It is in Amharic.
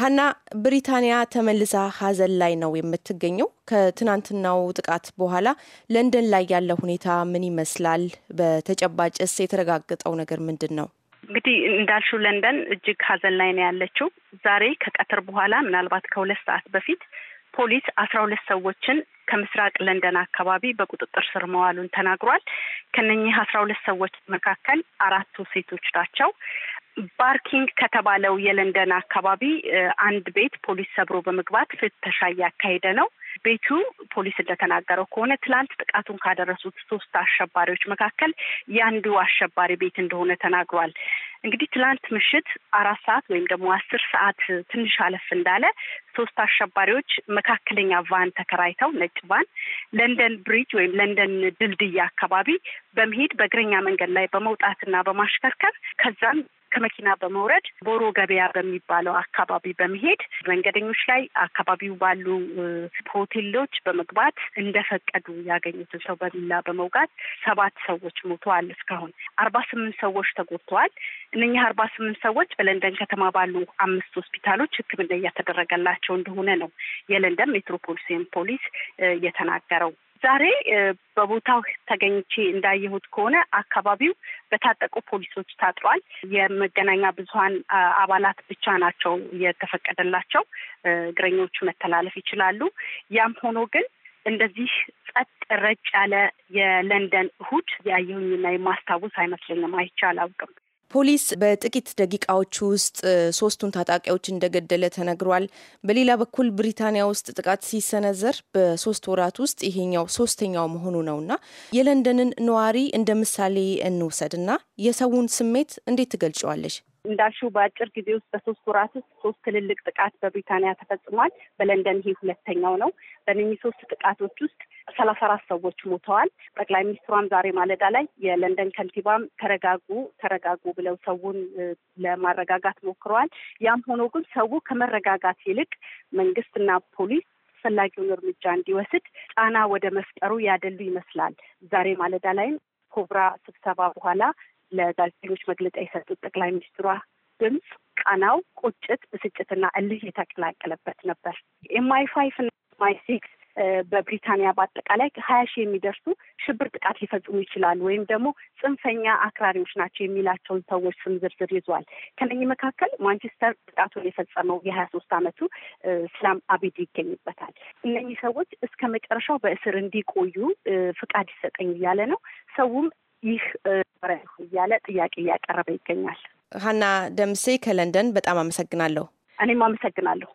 ሀና ብሪታንያ ተመልሳ ሀዘን ላይ ነው የምትገኘው። ከትናንትናው ጥቃት በኋላ ለንደን ላይ ያለ ሁኔታ ምን ይመስላል? በተጨባጭስ የተረጋገጠው ነገር ምንድን ነው? እንግዲህ እንዳልሽው ለንደን እጅግ ሀዘን ላይ ነው ያለችው። ዛሬ ከቀትር በኋላ ምናልባት ከሁለት ሰዓት በፊት ፖሊስ አስራ ሁለት ሰዎችን ከምስራቅ ለንደን አካባቢ በቁጥጥር ስር መዋሉን ተናግሯል። ከነኚህ አስራ ሁለት ሰዎች መካከል አራቱ ሴቶች ናቸው። ባርኪንግ ከተባለው የለንደን አካባቢ አንድ ቤት ፖሊስ ሰብሮ በመግባት ፍተሻ እያካሄደ ነው። ቤቱ ፖሊስ እንደተናገረው ከሆነ ትላንት ጥቃቱን ካደረሱት ሶስት አሸባሪዎች መካከል የአንዱ አሸባሪ ቤት እንደሆነ ተናግሯል። እንግዲህ ትላንት ምሽት አራት ሰዓት ወይም ደግሞ አስር ሰዓት ትንሽ አለፍ እንዳለ ሶስት አሸባሪዎች መካከለኛ ቫን ተከራይተው ነጭ ቫን ለንደን ብሪጅ ወይም ለንደን ድልድይ አካባቢ በመሄድ በእግረኛ መንገድ ላይ በመውጣትና በማሽከርከር ከዛም ከመኪና በመውረድ ቦሮ ገበያ በሚባለው አካባቢ በመሄድ መንገደኞች ላይ አካባቢው ባሉ ሆቴሎች በመግባት እንደፈቀዱ ያገኙትን ሰው በቢላ በመውጋት ሰባት ሰዎች ሞተዋል። እስካሁን አርባ ስምንት ሰዎች ተጎድተዋል። እነኚህ አርባ ስምንት ሰዎች በለንደን ከተማ ባሉ አምስት ሆስፒታሎች ሕክምና እያተደረገላቸው እንደሆነ ነው የለንደን ሜትሮፖሊሲን ፖሊስ የተናገረው። ዛሬ በቦታው ተገኝቼ እንዳየሁት ከሆነ አካባቢው በታጠቁ ፖሊሶች ታጥሯል። የመገናኛ ብዙኃን አባላት ብቻ ናቸው የተፈቀደላቸው፣ እግረኞቹ መተላለፍ ይችላሉ። ያም ሆኖ ግን እንደዚህ ጸጥ ረጭ ያለ የለንደን እሁድ ያየሁኝና የማስታውስ አይመስለኝም፣ አይቼ አላውቅም። ፖሊስ በጥቂት ደቂቃዎች ውስጥ ሶስቱን ታጣቂዎች እንደገደለ ተነግሯል። በሌላ በኩል ብሪታንያ ውስጥ ጥቃት ሲሰነዘር በሶስት ወራት ውስጥ ይሄኛው ሶስተኛው መሆኑ ነውና የለንደንን ነዋሪ እንደ ምሳሌ እንውሰድና የሰውን ስሜት እንዴት ትገልጨዋለች እንዳሹ በአጭር ጊዜ ውስጥ በሶስት ወራት ውስጥ ሶስት ትልልቅ ጥቃት በብሪታንያ ተፈጽሟል። በለንደን ይሄ ሁለተኛው ነው። በነኚህ ሶስት ጥቃቶች ውስጥ ሰላሳ አራት ሰዎች ሞተዋል። ጠቅላይ ሚኒስትሯም ዛሬ ማለዳ ላይ የለንደን ከንቲባም ተረጋጉ ተረጋጉ ብለው ሰውን ለማረጋጋት ሞክረዋል። ያም ሆኖ ግን ሰው ከመረጋጋት ይልቅ መንግስትና ፖሊስ አስፈላጊውን እርምጃ እንዲወስድ ጫና ወደ መፍጠሩ ያደሉ ይመስላል። ዛሬ ማለዳ ላይም ኮብራ ስብሰባ በኋላ ለጋዜጠኞች መግለጫ የሰጡት ጠቅላይ ሚኒስትሯ ድምፅ ቃናው ቁጭት፣ ብስጭትና እልህ የተቀላቀለበት ነበር። ኤምአይ ፋይቭ እና ሲክስ በብሪታንያ በአጠቃላይ ሀያ ሺህ የሚደርሱ ሽብር ጥቃት ሊፈጽሙ ይችላሉ ወይም ደግሞ ጽንፈኛ አክራሪዎች ናቸው የሚላቸውን ሰዎች ስም ዝርዝር ይዟል። ከነኚህ መካከል ማንቸስተር ጥቃቱን የፈጸመው የሀያ ሶስት አመቱ ስላም አቢዲ ይገኝበታል። እነኚህ ሰዎች እስከ መጨረሻው በእስር እንዲቆዩ ፍቃድ ይሰጠኝ እያለ ነው። ሰውም ይህ እያለ ጥያቄ እያቀረበ ይገኛል። ሀና ደምሴ ከለንደን በጣም አመሰግናለሁ። እኔም አመሰግናለሁ።